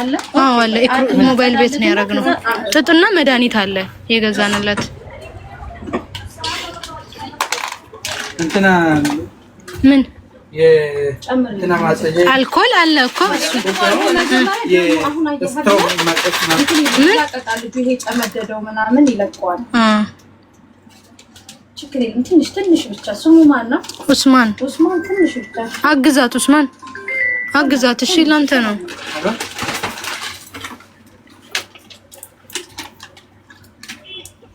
አለ ሞባይል ቤት ነው ያደረግነው። ጥጥና መድኃኒት አለ የገዛንለት። እንትና ምን አልኮል አለ እኮ ኡስማን አግዛት፣ ኡስማን አግዛት። እሺ ላንተ ነው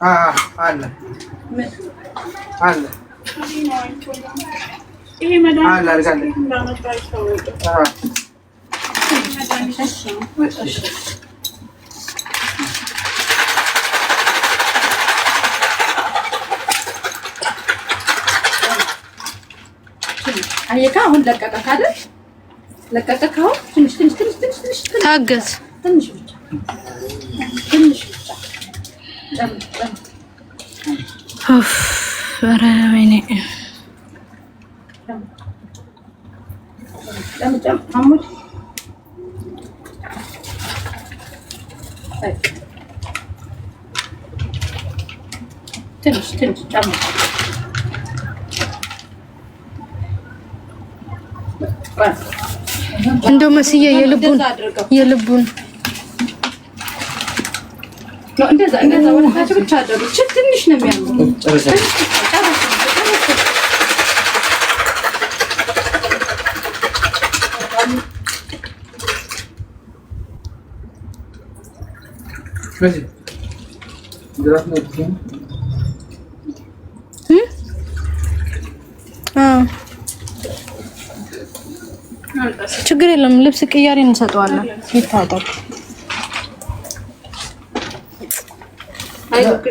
Ah, አለ አለ አየካ አሁን ለቀቀ ካለ ለቀቀ አሁን ትንሽ ትንሽ ትንሽ ትንሽ ትንሽ ታገዝ። ትንሽ ብቻ ትንሽ ኧረ ወይኔ እንደው መስዬ የልቡን የልቡን እንደዛ እንደዛ ወደታቸው ብቻ አደሩ። ትንሽ ነው የሚያምሩ። ችግር የለም። ልብስ ቅያሬ እንሰጠዋለን ይታጠብ።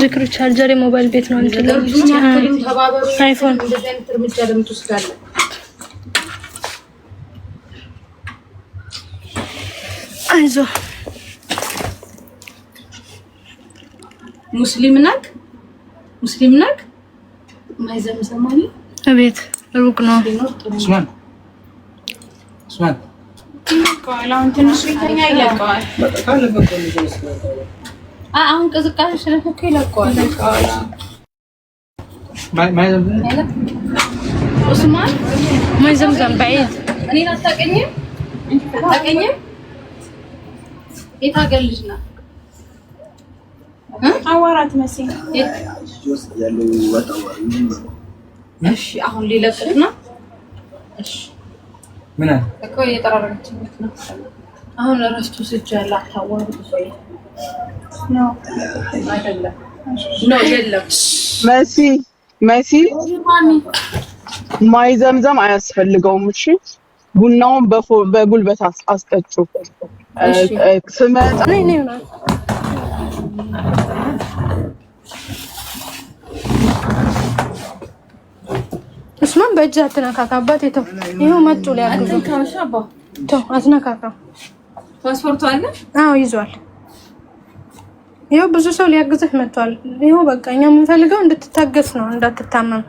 ዝክሩ ቻርጀር የሞባይል ቤት ነው። አንተ አይፎን አይዞ ሙስሊም ነክ ሙስሊም ነክ ማይዘም ሰማኒ አቤት ሩቅ ነው። ስማን ኡስማን ትንሽ ቤተኛ ይለቀዋል። አሁን ቅዝቃዜ ስለኮኮ ይለቀዋል። ኡስማን ማይ ዘምዘም በዒድ እኔን አታውቅኝም አታውቅኝም። የት ሀገር ልጅ ናት? አዋራት መሰለኝ። እሺ አሁን ሊለቅቅ ነው። እሺ ምን እኮ እየጠራረገችበት ነው። አሁን እረፍቱ ስጃ ያለ አታዋሩ መሲ መሲ ማይዘምዘም አያስፈልገውም። እሺ ቡናውን በጉልበት አስጠጩ። ስመጣ እሱንም በእጅ አትነካካባት። የተው ይኸው መጡ ሊያግዙ አትነካካ። ፓስፖርቱ አለ? አዎ ይዟል። ይኸው ብዙ ሰው ሊያግዝህ መጥቷል። ይኸው በቃ እኛ የምንፈልገው እንድትታገስ ነው፣ እንዳትታመም።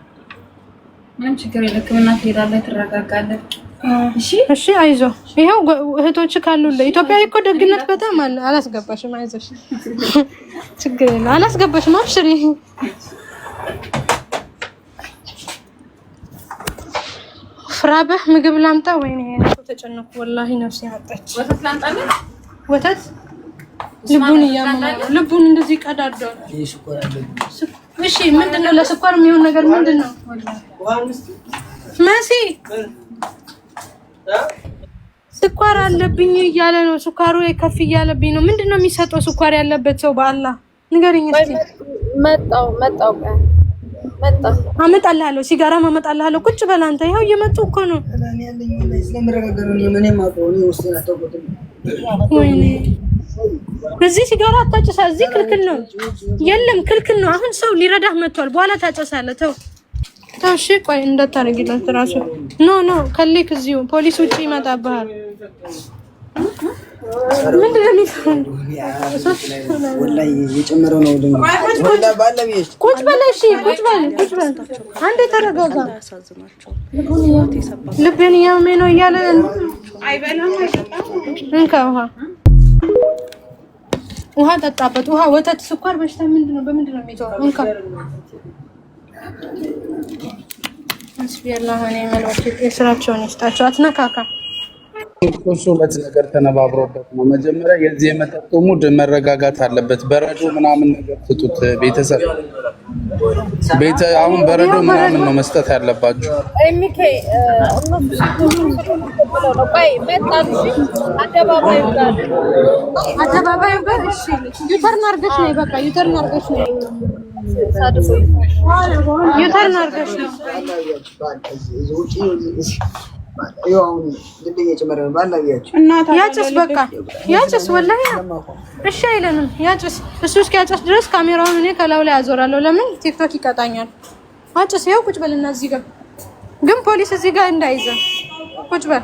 ምንም ችግር የለም። ሕክምና ትሄዳለህ፣ ትረጋጋለህ። እሺ አይዞ። ይኸው እህቶች ካሉ ኢትዮጵያ እኮ ደግነት በጣም አለ። አላስገባሽም፣ አይዞሽ፣ ችግር የለም። አላስገባሽም፣ አብሽሪ። ፍራበህ ምግብ ላምጣ። ወይኔ ተጨነኩ፣ ወላሂ ነፍሴ አጣች። ወተት ላምጣልህ፣ ወተት ልቡን እያመመ ነው። ልቡን እንደዚህ ቀዳደው። እሺ ምንድን ነው? ለስኳር የሚሆን ነገር ምንድን ነው? መሲ ስኳር አለብኝ እያለ ነው። ስኳሩ ከፍ እያለብኝ ነው። ምንድን ነው የሚሰጠው ስኳር ያለበት ሰው? በአላህ ንገረኝ እስኪ። መጣው መጣው መጣው አመጣልሃለሁ፣ ሲጋራ አመጣልሃለሁ። ቁጭ በል አንተ። ይኸው እየመጡ እኮ ነው። እዚህ ሲጋራ አታጨሳ። እዚህ ክልክል ነው። የለም ክልክል ነው። አሁን ሰው ሊረዳህ መጥቷል። በኋላ ታጨሳለህ። ተው ታሽ ቆይ እንዳታረጊላት ራሱ ኖ ኖ ከሌክ እዚሁ ፖሊስ ውጪ ይመጣብሃል። ነው? ቁጭ በል እሺ፣ ቁጭ በል ቁጭ በል። አንዴ ተረጋጋ። እያመመኝ ነው እያለ እንካ ውሃ ውሃ ጠጣበት። ውሃ፣ ወተት፣ ስኳር በሽታ ምንድን ነው? በምንድን ነው የሚዞረው? እንካ ስቢላ ይስጣቸው። አትነካካ። ሁለት ነገር ተነባብሮበት ነው። መጀመሪያ የዚህ የመጠጥ ሙድ መረጋጋት አለበት። በረዶ ምናምን ነገር ስጡት ቤተሰብ ቤተ አሁን በረዶ ምናምን ነው መስጠት ያለባችሁ። ዩተርን አድርገሽ ነው ያጭስ በቃ ያጭስ፣ ወላሂ እሺ አይለንም። ያጭስ እሱ ድረስ ካሜራውን እኔ ከላው ላይ አዞራለሁ። ለምን ቲክቶክ ይቀጣኛል? አጭስ፣ ይኸው ቁጭ በልና እዚህ ጋር ግን ፖሊስ እዚህ ጋር እንዳይዘ ቁጭ በል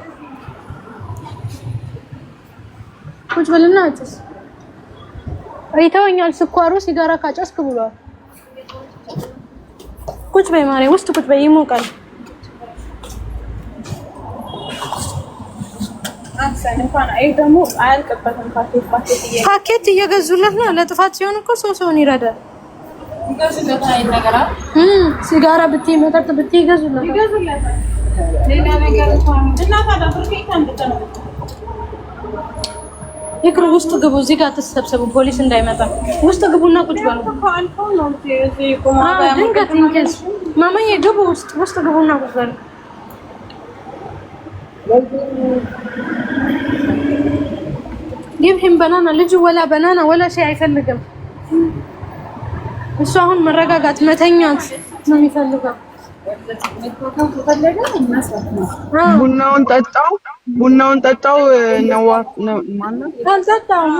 ቁጭ በልና አጭስ። ይተወኛል ስኳሩ ሲጋራ ካጨስክ ብሏል። ቁጭ በይ ውስጥ ቁጭ በይ ይሞቃል። ፓኬት እየገዙለት ነው። ለጥፋት ሲሆን እኮ ሰው ሰውን ይረዳል። ሲጋራ ብቴ መጠጥ ብቴ ይገዙለታል። ይቅር ውስጥ ግቡ። እዚህ ጋር ተሰብሰቡ፣ ፖሊስ እንዳይመጣ። ውስጥ ግቡና ቁጭ በሉ። ድንገት ኢንኬስ ማማዬ ግቡ፣ ውስጥ ውስጥ ግቡና ቁጭ በሉ። ጊብሂም በናና ልጅ ወላ በናና ወላ ሻይ አይፈልግም። እሱ አሁን መረጋጋት መተኛት ነው የሚፈልገው። ቡናውን ጠጣው፣ ቡናውን ጠጣው። ነው ማነው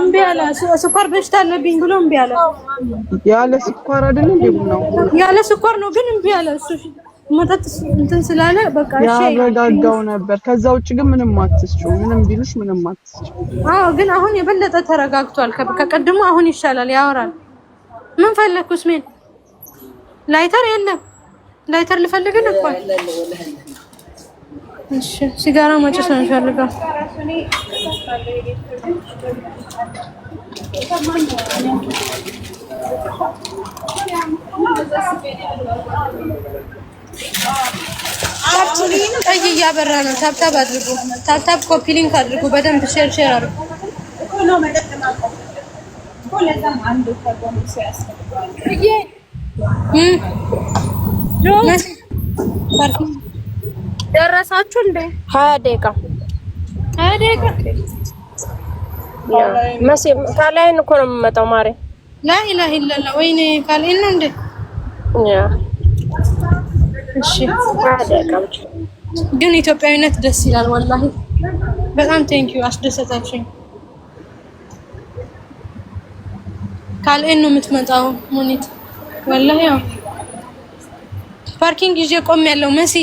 እምቢ አለ። ስኳር በሽታ አለብኝ ብሎ እምቢ አለ። ያለ ስኳር አይደለም ቡናው፣ ያለ ስኳር ነው ግን እምቢ አለ እሱ መጠጥ እንትን ስላለ በቃ ያረጋጋው ነበር። ከዛ ውጭ ግን ምንም አትስጪው፣ ምንም ቢሉሽ ምንም አትስጪው። አዎ ግን አሁን የበለጠ ተረጋግቷል። ከቀድሞ አሁን ይሻላል፣ ያወራል። ምን ፈለግኩ? ስሜን ላይተር የለም፣ ላይተር ልፈልግን እኮ እሺ። ሲጋራ ማጨስ ነው የሚፈልገው። ቀይ እያበራ ነው። ታብታብ አድርጉ። ታብታብ ኮፒ ሊንክ አድርጉ። በደንብ ሼር ሼር አድርጉ። ደረሳችሁ እንዴ? ሀያ ደቂቃ ሀያ ደቂቃ መቼ ካላይን እኮ ነው የምመጣው ማሬ። ላኢላሀ ወይኔ ካላይን ነው እንዴ? ግን ኢትዮጵያዊነት ደስ ይላል። ወላሂ በጣም ቴንኪዩ አስደሰታችኝ። ካልኤን ነው የምትመጣው ሙኒት። ወላሂ ያው ፓርኪንግ ይዤ ቆም ያለው መሲ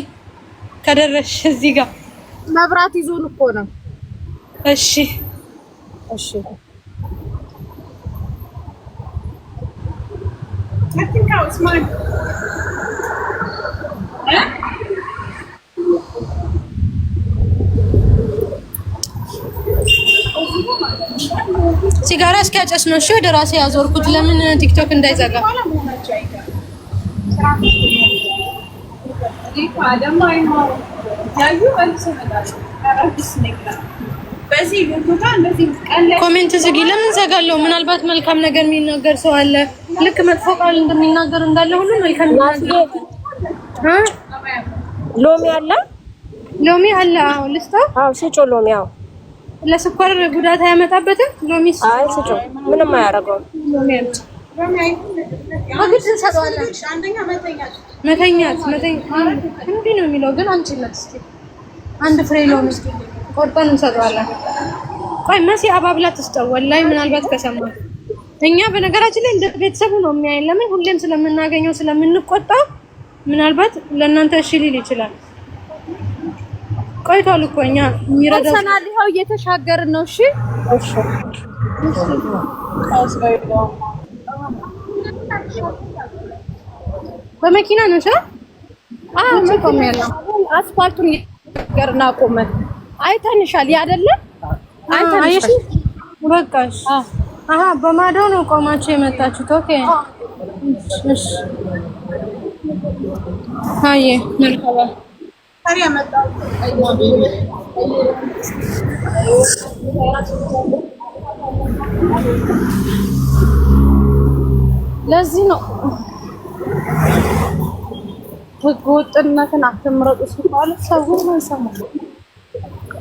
ከደረሽ እዚህ ጋር መብራት ይዞን እኮ ነው። እሺ እሺ ሲጋራ እስኪያጨስ ነው። እሺ፣ ወደ ራሴ ያዞርኩት ለምን ቲክቶክ እንዳይዘጋ ኮሜንት ዝጊ። ለምን ዘጋለሁ? ምናልባት መልካም ነገር የሚናገር ሰው አለ። ልክ መጥፎ ቃል እንደሚናገር እንዳለ ሁሉ መልካም ሎሚ አለ ሎሚ አለ። አዎ ልስጠው። አዎ ስጮ ሎሚ አዎ ለስኳር ጉዳት አያመጣበትም። ሎሚ አይ ስጮ ምንም አያደርገውም። በግድ መተኛት እንዲህ ነው የሚለው ግን አንችላት። አንድ ፍሬ ሎሚ ቆርጠን እንሰጠዋለን። ቆይ መሲ አባብላ ትስጠው። ወላሂ ምናልባት ከሰማ እኛ በነገራችን ላይ እንደ ቤተሰቡ ነው የሚያየን። ለምን ሁሌም ስለምናገኘው ስለምንቆጣው ምናልባት ለእናንተ እሺ ሊል ይችላል። ቆይቷል እኮ እኛ የሚረዳ ሰናል ይኸው እየተሻገርን ነው። እሺ በመኪና ነው ሻ አዎ ቆም ያለው አስፋልቱን እየተሻገርን አቆመን። አይተንሻል ያደለ በቃሽ። በማዶ ነው ቆማችሁ የመጣችሁት። ኦኬ እሺ አየ መልካባ ለዚህ ነው ህግ ወጥነትን አትምረጡ ሲባሉ ሰው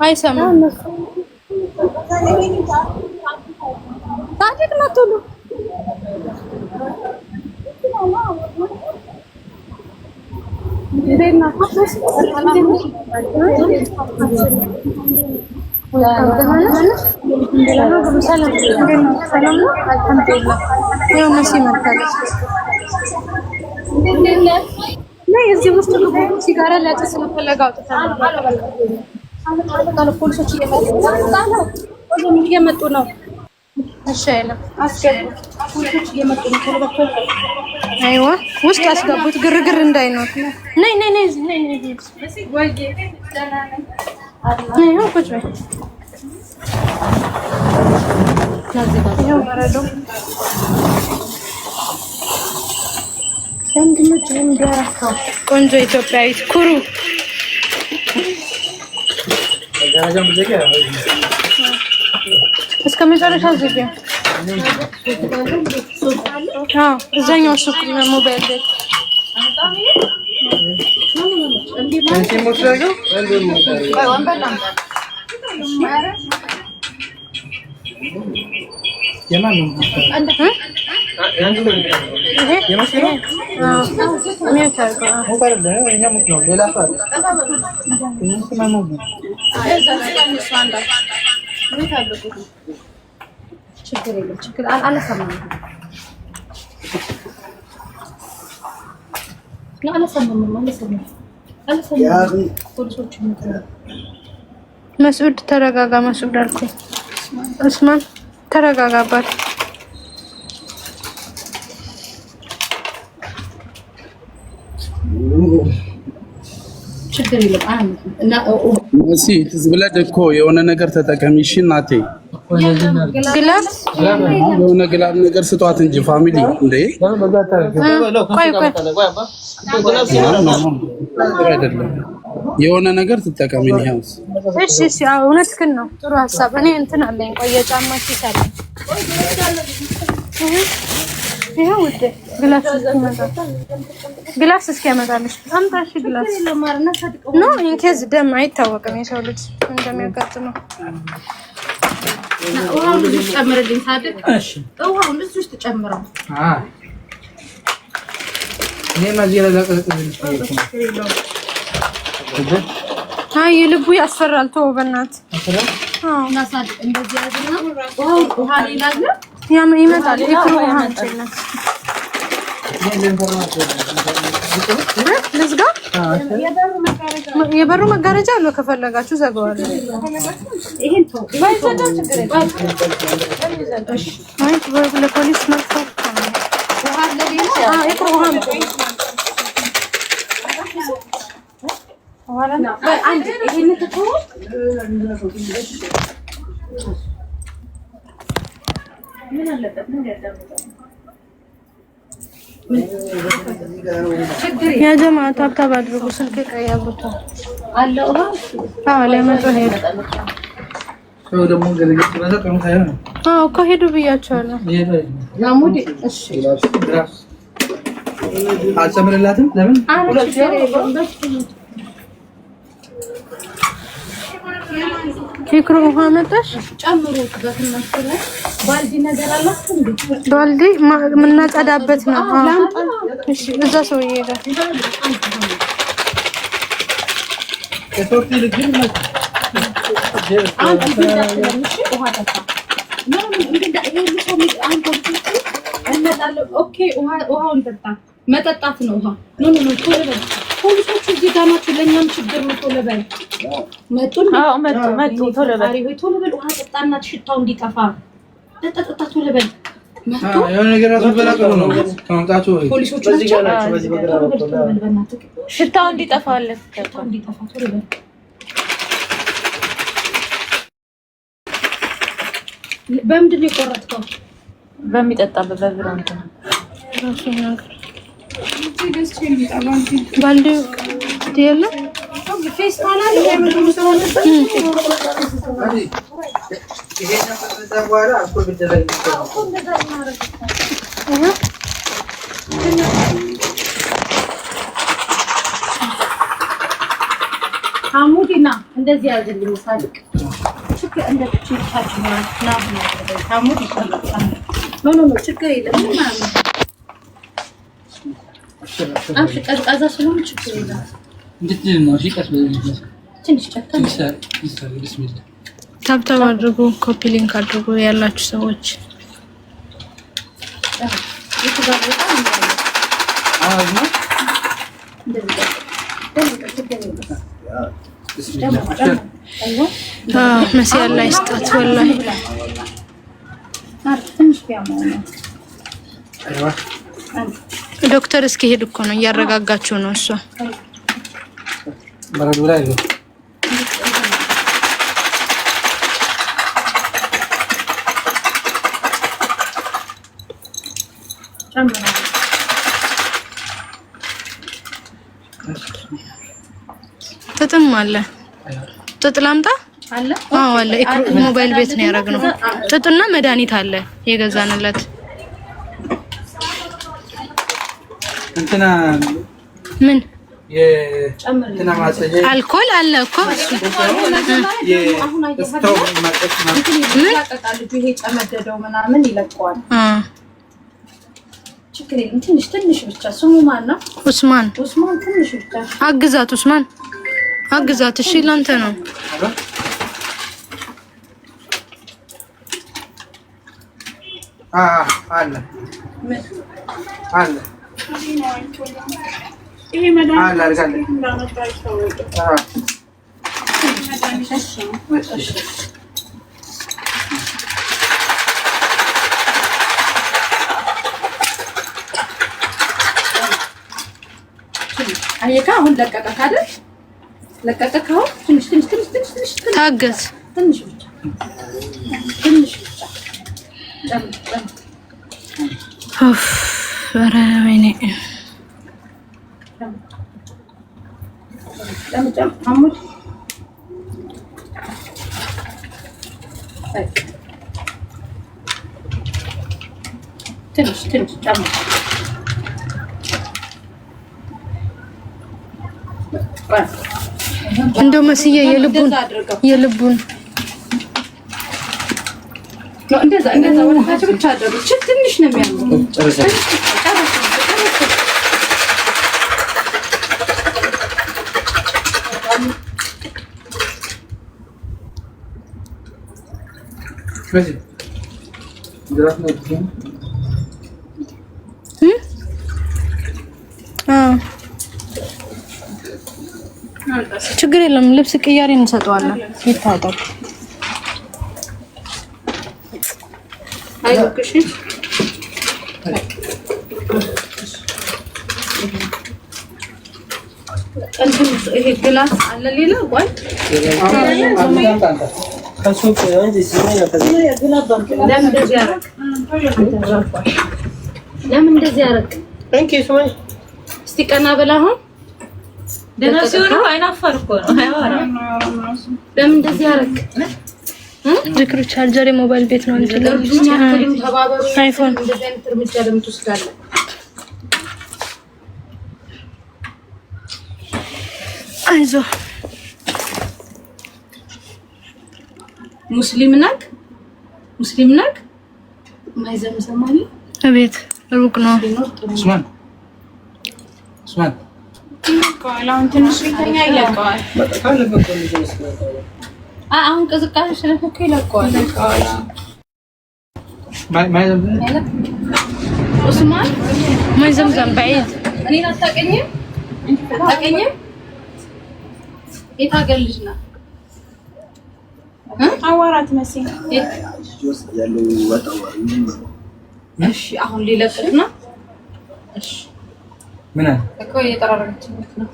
አይሰማም አይሰማም። ታዲያ እዚህ ውስጥ ሲጋራ ሊያጨስ ስለፈለገ አውጥተናል። ፖሊሶች እየመጡ ነው። እሺ አይለም፣ ፖሊሶች እየመጡ ነው። አይዋ ውስጥ አስገቡት፣ ግርግር እንዳይኖር። ነይ ነይ ነይ ነይ ነይ ቆንጆ ኢትዮጵያዊት ኩሩ እስከ መጨረሻ እዛኛው ሱቅ ሞባይል ቤት ችግር የለም። ችግር አላሰማም መስዑድ ተረጋጋ። መስዑድ አልኩህ። እስማን ተረጋጋባት። ችግር የለም። ትዝ እኮ የሆነ ነገር ተጠቀሚ። እሺ እናቴ የሆነ ግላብ ነገር ስጧት እንጂ ፋሚሊ የሆነ ነገር ትጠቀሚ። እሺ፣ እሺ፣ አዎ ግን ነው። ጥሩ ሀሳብ። እኔ እንትን አለኝ ቆየ ጫማ ሲሳለኝ ይሄ ውዴ ግላስ ግላስ እስኪያመጣልሽ አምጣሽ። ግላስ ኖ ኢንኬዝ ደም አይታወቅም የሰው ልጅ እንደሚያጋጥመው ውሃውን ጨምርልኝ። ታድቅ ውሃውን ውስጥ ጨምረው ያስፈራል። ተወው በእናትህ ውሃ ሌላ አለ ይመጣል። ይክሩ የበሩ መጋረጃ አለው ከፈለጋችሁ ዘጋዋለሁ። ለፖሊስ ምን አለበት? ምን ያዳምጣል? የጀማ ታብታብ አድርጉ። ስልክ ቀያቦታ አለ ውሃ ላይ መጡ ሄዱ እኮ ብያቸዋለሁ። ውሃ መጣሽ? ጨምሩ በትናችሁ ባልዲ የምናጸዳበት ነው። እዛ ሰውዬ ጠጣ። መጠጣት ነው ውሃ። ኖ ኖ ኖ፣ ቶሎ በል። ፖሊሶቹ እዚህ ጋር ናቸው። ለእኛም ችግር ነው። ቶሎ በል መጡ፣ መጡ፣ ቶሎ በል ውሃ ሽታው እንዲጠፋ ጠጣቱ ልበል ሽታው እንዲጠፋለን በምንድን ነው የቆረጥከው? በሚጠጣበት በብራንት ነው። ፌስታል አለ ሐሙዲና እንደዚህ ያዝልኝ ሳልቅ ችግር እንደ ችግታችን ሐሙድ ይሻላል። ኖ ኖ ችግር የለም ማለት ነው። አንቺ ቀዝቃዛ ስለሆነ ችግር የለም። እንዴት ነው? እሺ ቀስ በል ትንሽ ጨፍታ ይሰር ይሰር ቢስሚላህ ታብታብ አድርጉ፣ ኮፒ ሊንክ አድርጉ ያላችሁ ሰዎች መሲያ ላይ ስጣት ወላሂ ዶክተር እስኪሄድ እኮ ነው እያረጋጋችሁ ነው እሷ ጨምራለሁ። ጥጥም አለ። ጥጥ ላምጣ አለ። አዎ አለ። ሞባይል ቤት ነው ያደረግነው። ጥጥና መድኃኒት አለ የገዛንለት እንትና ምን አልኮል አለ እኮ ምን ክሬም ትንሽ ትንሽ ብቻ። ስሙ ማን ነው? ኡስማን። ኡስማን ትንሽ ብቻ አግዛት። ኡስማን አግዛት። እሺ ላንተ ነው። አየካ አሁን ለቀቀ ካደል ለቀቀ ካሁን ትንሽ ትንሽ ትንሽ ትንሽ ትንሽ ታገስ ትንሽ ብቻ ትንሽ ብቻ ወይኔ ትንሽ ትንሽ ጨምር እንደው መስዬ የልቡን የልቡን እንደዛ እንደዛ ወደ ታች ብቻ አደረጉ። ትንሽ ነው የሚያምሩ ጨረሰ ችግር የለም። ልብስ ቅያሬ እንሰጠዋለን። ይታጠብ። ይሄ ግላስ አለ ለምን እንደዚህ ያደረግ? እስቲ ቀና ብላ አሁን ደህና ሲሆን አይናፋር እኮ ነው። ለምን እንደዚህ ያደረግ? ዝክሩ ቻርጀር የሞባይል ቤት ነው። አይፎን አይዞ ሙስሊም ነክ ሙስሊም ነክ ማይዘም ሰማኒ አቤት ሩቅ ነው። ስማን ስማን አሁን ትንሽ አሁን ቅዝቃዜ ስለፈኩ ይለቀዋል። ኡስማን ማይ ዘምዘም በይዝ እኔን አታውቅኝም አታውቅኝም። የት ሀገር ልጅ ናት? አዋራት መሰለኝ። እሺ አሁን ሊለቅቅ ነው። እሺ ምን እኮ ነው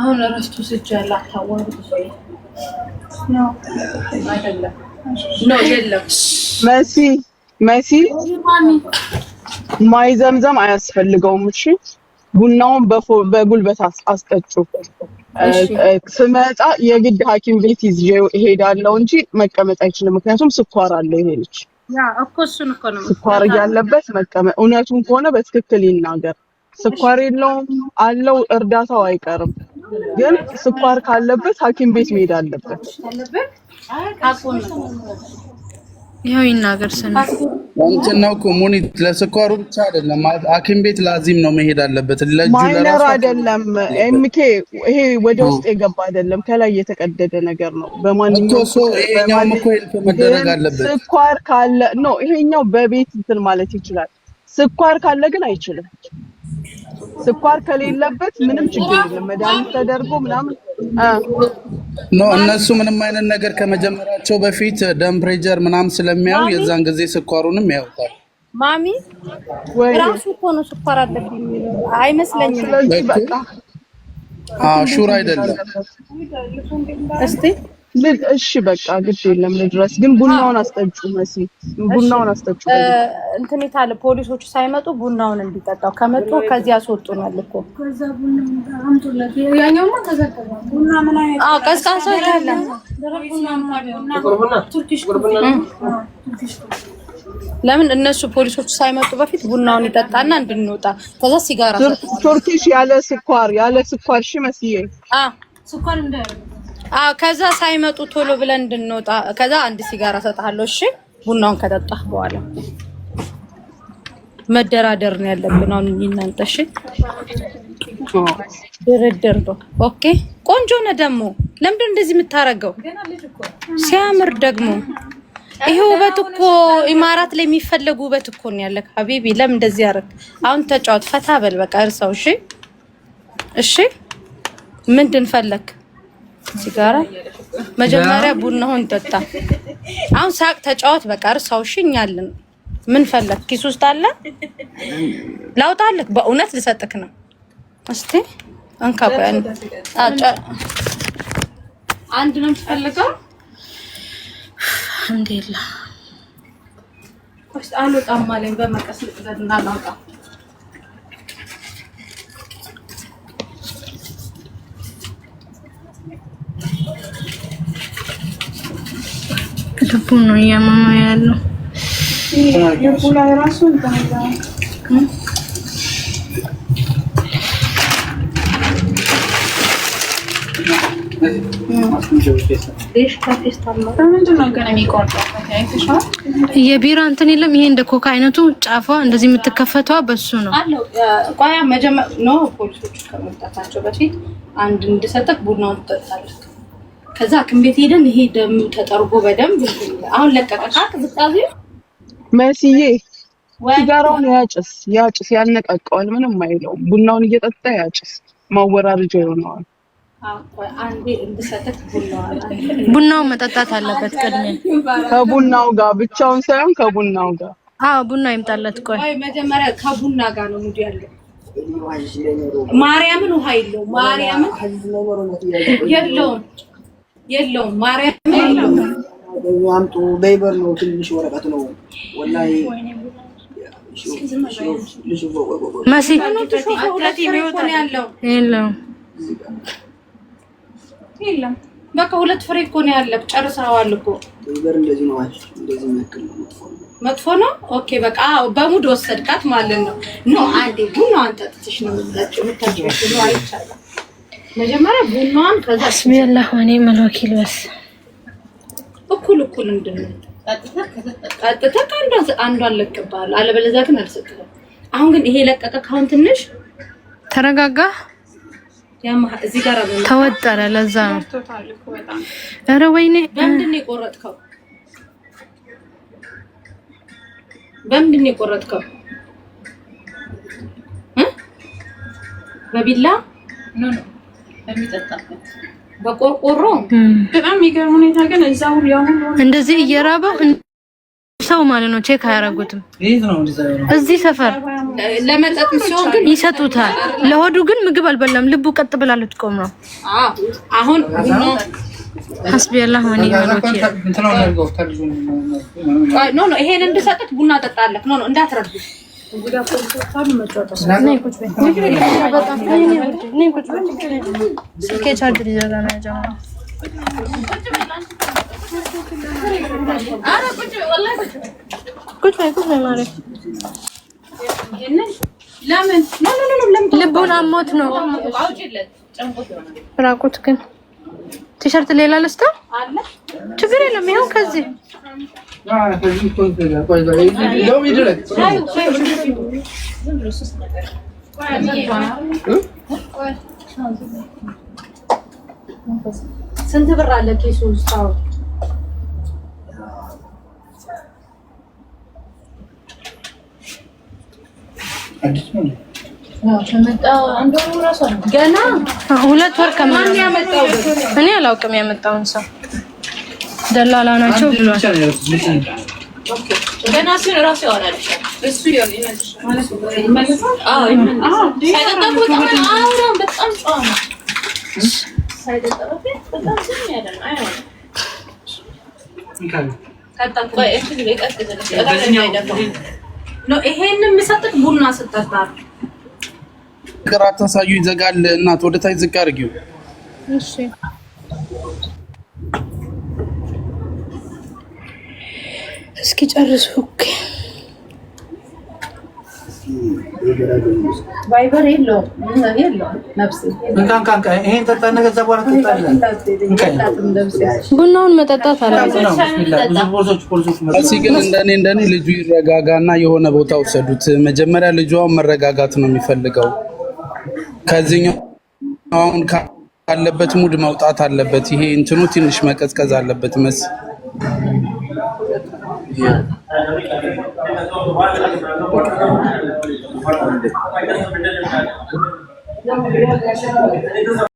አሁን እረፍቱ ስጅ ያለ አታዋሩ ነው መሲ ማይዘምዘም አያስፈልገውም እሺ ቡናውን በጉልበት አስጠጩ ስመጣ የግድ ሀኪም ቤት ይዤ እሄዳለሁ እንጂ መቀመጥ አይችልም ምክንያቱም ስኳር አለው ይሄ ልጅ ስኳር እያለበት መቀመጥ እውነቱን ከሆነ በትክክል ይናገር ስኳር የለውም አለው እርዳታው አይቀርም። ግን ስኳር ካለበት ሐኪም ቤት መሄድ አለበት። ይኸው ይናገር ስነ እንትን ነው እኮ ሙኒት፣ ለስኳሩ ብቻ አይደለም ሐኪም ቤት ላዚም ነው መሄድ አለበት። ማይነር አይደለም ኤምኬ፣ ይሄ ወደ ውስጥ የገባ አይደለም፣ ከላይ የተቀደደ ነገር ነው። በማንኛውም ስኳር ካለ ነው ይሄኛው በቤት እንትን ማለት ይችላል። ስኳር ካለ ግን አይችልም። ስኳር ከሌለበት ምንም ችግር የለም። መድኃኒት ተደርጎ ምናምን ኖ እነሱ ምንም አይነት ነገር ከመጀመራቸው በፊት ደም ምናምን ስለሚያዩ የዛን ጊዜ ስኳሩንም ያውጣል። ማሚ ራሱ እኮ ነው ስኳር አለብኝ አይመስለኝም። ሹር አይደለም። እስቲ እሺ በቃ ግድ የለም ልድረስ። ግን ቡናውን አስጠጩ መሲ፣ ቡናውን አስጠጩ እንትን የታለ ፖሊሶቹ ሳይመጡ ቡናውን እንዲጠጣው ከመጡ ከዚህ ያስወጡናል እኮ ቀዝቃዛ ለምን እነሱ ፖሊሶቹ ሳይመጡ በፊት ቡናውን ይጠጣና እንድንወጣ ከዛ ሲጋራ ቱርኪሽ ያለ ስኳር ያለ ስኳር ሺ መስዬ ከዛ ሳይመጡ ቶሎ ብለን እንድንወጣ ከዛ አንድ ሲጋራ ሰጥሃለሁ። እሺ ቡናውን ከጠጣህ በኋላ መደራደር ነው ያለብን። አሁን እናንተ እሺ፣ ድርድር ነው። ኦኬ፣ ቆንጆ ነው ደግሞ። ለምንድን እንደዚህ የምታረገው? ሲያምር ደግሞ ይሄ ውበት እኮ ኢማራት ላይ የሚፈለጉ ውበት እኮ ነው ያለ። ሀቢቢ ለምን እንደዚህ ያደረግ? አሁን ተጫወት፣ ፈታ በል በቃ እርሰው። እሺ፣ እሺ፣ ምንድን ፈለግ? ሲጋራ መጀመሪያ ቡና ሆን ጠጣ። አሁን ሳቅ፣ ተጫወት፣ በቃ እርሰው። እሺ፣ እኛ አለን ምን ፈለግ? ኪስ ውስጥ አለ ላውጣልክ። በእውነት ልሰጥክ ነው። እስቲ እንካ። አንድ ነው የምትፈልገው? አልሐምዱሊላህ አልወጣም አለኝ። በመቀስ ልቅደት ላውጣ ልቡን ነው እያመመ ያለው የቢራ እንትን የለም። ይሄ እንደ ኮካ አይነቱ ጫፏ እንደዚህ የምትከፈተዋ በሱ ነው። ቋያ መጀመር ነው። ፖሊሶቹ ከመምጣታቸው በፊት አንድ እንድሰጠቅ ቡናውን ትጠጣለህ። ከዛ ሐኪም ቤት ሄደን ይሄ ደም ተጠርጎ በደንብ አሁን ለቀቀቃ ቅዝቃዜ መስዬ ሲጋራውን ያጭስ ያጭስ ያነቃቀዋል። ምንም አይለውም። ቡናውን እየጠጣ ያጭስ ማወራረጃ ይሆነዋል። ቡናውን መጠጣት አለበት ቅድሚያ ከቡናው ጋር ብቻውን ሳይሆን ከቡናው ጋር። አዎ ቡና ይምጣለት። ቆይ መጀመሪያ ከቡና ጋር ነው ሙድ ያለው። ማርያምን ውሃ የለውም። ማርያምን የለውም፣ የለውም። ማርያምን አምጡ በይበር ነው ትንሽ ወረቀት ነው የለም በቃ ሁለት ፍሬ እኮ ነው ያለው። ጨርሰዋል እኮ መጥፎ ነው። ኦኬ በቃ በሙድ ወሰድካት ማለት ነው። ኖ አንዴ ቡናዋን ጠጥተሽ ነው መጀመሪያ ቡናዋን ከዛ መልወኪል በስ እኩል እኩል ጠጥተህ አንዷን ለቅብሃል፣ አለበለዚያ ግን አልሰጥህም። አሁን ግን ይሄ ለቀቀ። ካሁን ትንሽ ተረጋጋ። ተወጠረ። ለዛ ነው። ኧረ ወይኔ! በምንድን ነው የቆረጥከው? በምንድን ነው የቆረጥከው? በቢላ ኖ ኖ በሚጠጣበት በቆርቆሮ በጣም የሚገርም ሁኔታ ግን እዛው እንደዚህ እየራበ ሰው ማለት ነው። ቼክ አያረጉትም። እዚህ ሰፈር ለመጠጥ ሲሆን ግን ይሰጡታል። ለሆዱ ግን ምግብ አልበላም። ልቡ ቀጥ ብላለች። ቆም ነው አሁን ሀስቢ አላህ ወኒ ነው ነው ይሄን እንድሰጥት ቡና ጠጣለክ ነው ነው እንዳትረብሽ ስልኬ ቻርጅ ሊዘጋ ነው ልቡን አሞት ነው። ራቁት ግን ቲሸርት ሌላ ልስታ ችግር የለም። ይኸው ከዚህ ስንት ብር አለ ኬሱ ውስጥ? ገና ሁለት ወር ከማን ያመጣው? እኔ አላውቅም ያመጣውን ሰው ደላላ ናቸው ብሏል። ገና ሲሆን እራሱ ያወራል። ይሄንን ቡና ስጠጣ ቅራት ታሳዩ ይዘጋል። እናት ወደ ታች ዝቅ አድርጊው። እስኪ ጨርሱ። ቡናውን መጠጣት ግን እንደኔ እንደኔ ልጁ ይረጋጋና የሆነ ቦታ ወሰዱት። መጀመሪያ ልጇን መረጋጋት ነው የሚፈልገው። ከዚህኛው አሁን ካለበት ሙድ መውጣት አለበት። ይሄ እንትኑ ትንሽ መቀዝቀዝ አለበት መስ जी